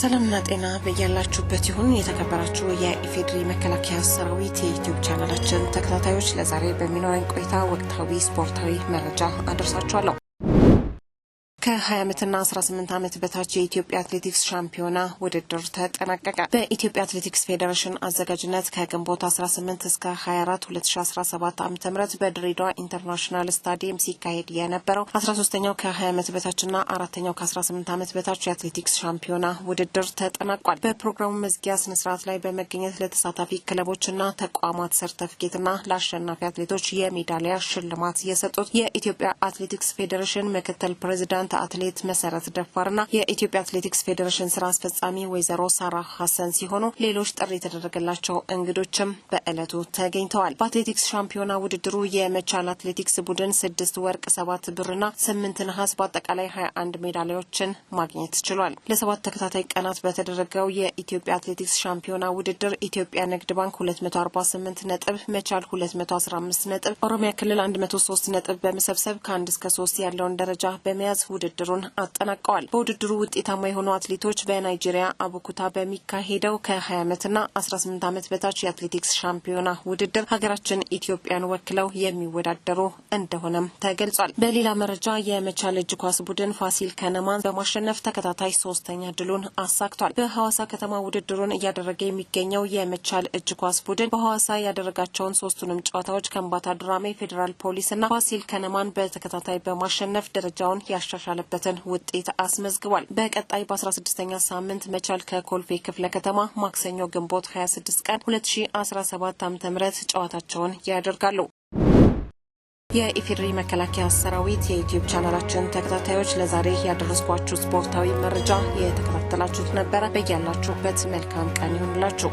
ሰላምና ጤና በያላችሁበት ይሁን። የተከበራችሁ የኢፌዴሪ መከላከያ ሰራዊት የዩቲዩብ ቻናላችን ተከታታዮች ለዛሬ በሚኖረኝ ቆይታ ወቅታዊ ስፖርታዊ መረጃ አደርሳችኋለሁ። ከ20 ዓመትና 18 ዓመት በታች የኢትዮጵያ አትሌቲክስ ሻምፒዮና ውድድር ተጠናቀቀ። በኢትዮጵያ አትሌቲክስ ፌዴሬሽን አዘጋጅነት ከግንቦት 18 እስከ 24 2017 ዓ.ም በድሬዳዋ ኢንተርናሽናል ስታዲየም ሲካሄድ የነበረው 13ኛው ከ20 ዓመት በታችና አራተኛው ከ18 ዓመት በታች የአትሌቲክስ ሻምፒዮና ውድድር ተጠናቋል። በፕሮግራሙ መዝጊያ ስነስርዓት ላይ በመገኘት ለተሳታፊ ክለቦችና ተቋማት ሰርተፍኬትና ለአሸናፊ አትሌቶች የሜዳሊያ ሽልማት የሰጡት የኢትዮጵያ አትሌቲክስ ፌዴሬሽን ምክትል ፕሬዚዳንት አትሌት መሰረት ደፋርና የኢትዮጵያ አትሌቲክስ ፌዴሬሽን ስራ አስፈጻሚ ወይዘሮ ሳራ ሀሰን ሲሆኑ ሌሎች ጥሪ የተደረገላቸው እንግዶችም በዕለቱ ተገኝተዋል። በአትሌቲክስ ሻምፒዮና ውድድሩ የመቻል አትሌቲክስ ቡድን ስድስት ወርቅ፣ ሰባት ብርና ስምንት ነሐስ በአጠቃላይ ሀያ አንድ ሜዳሊያዎችን ማግኘት ችሏል። ለሰባት ተከታታይ ቀናት በተደረገው የኢትዮጵያ አትሌቲክስ ሻምፒዮና ውድድር ኢትዮጵያ ንግድ ባንክ 248 ነጥብ፣ መቻል 215 ነጥብ፣ ኦሮሚያ ክልል 103 ነጥብ በመሰብሰብ ከአንድ እስከ ሶስት ያለውን ደረጃ በመያዝ ውድድሩን አጠናቀዋል። በውድድሩ ውጤታማ የሆኑ አትሌቶች በናይጄሪያ አቡኩታ በሚካሄደው ከ20 ዓመትና 18 ዓመት በታች የአትሌቲክስ ሻምፒዮና ውድድር ሀገራችን ኢትዮጵያን ወክለው የሚወዳደሩ እንደሆነም ተገልጿል። በሌላ መረጃ የመቻል እጅ ኳስ ቡድን ፋሲል ከነማን በማሸነፍ ተከታታይ ሶስተኛ ድሉን አሳክቷል። በሐዋሳ ከተማ ውድድሩን እያደረገ የሚገኘው የመቻል እጅ ኳስ ቡድን በሐዋሳ ያደረጋቸውን ሶስቱንም ጨዋታዎች ከምባታ ድራሜ ፌዴራል ፖሊስና ፋሲል ከነማን በተከታታይ በማሸነፍ ደረጃውን ያሻሻል የተሻለበትን ውጤት አስመዝግቧል። በቀጣይ በ16ኛ ሳምንት መቻል ከኮልፌ ክፍለ ከተማ ማክሰኞ ግንቦት 26 ቀን 2017 ዓ.ም ጨዋታቸውን ያደርጋሉ። የኢፌዴሪ መከላከያ ሰራዊት የዩቲዩብ ቻናላችን ተከታታዮች ለዛሬ ያደረስኳችሁ ስፖርታዊ መረጃ የተከታተላችሁት ነበረ። በያላችሁበት መልካም ቀን ይሁንላችሁ።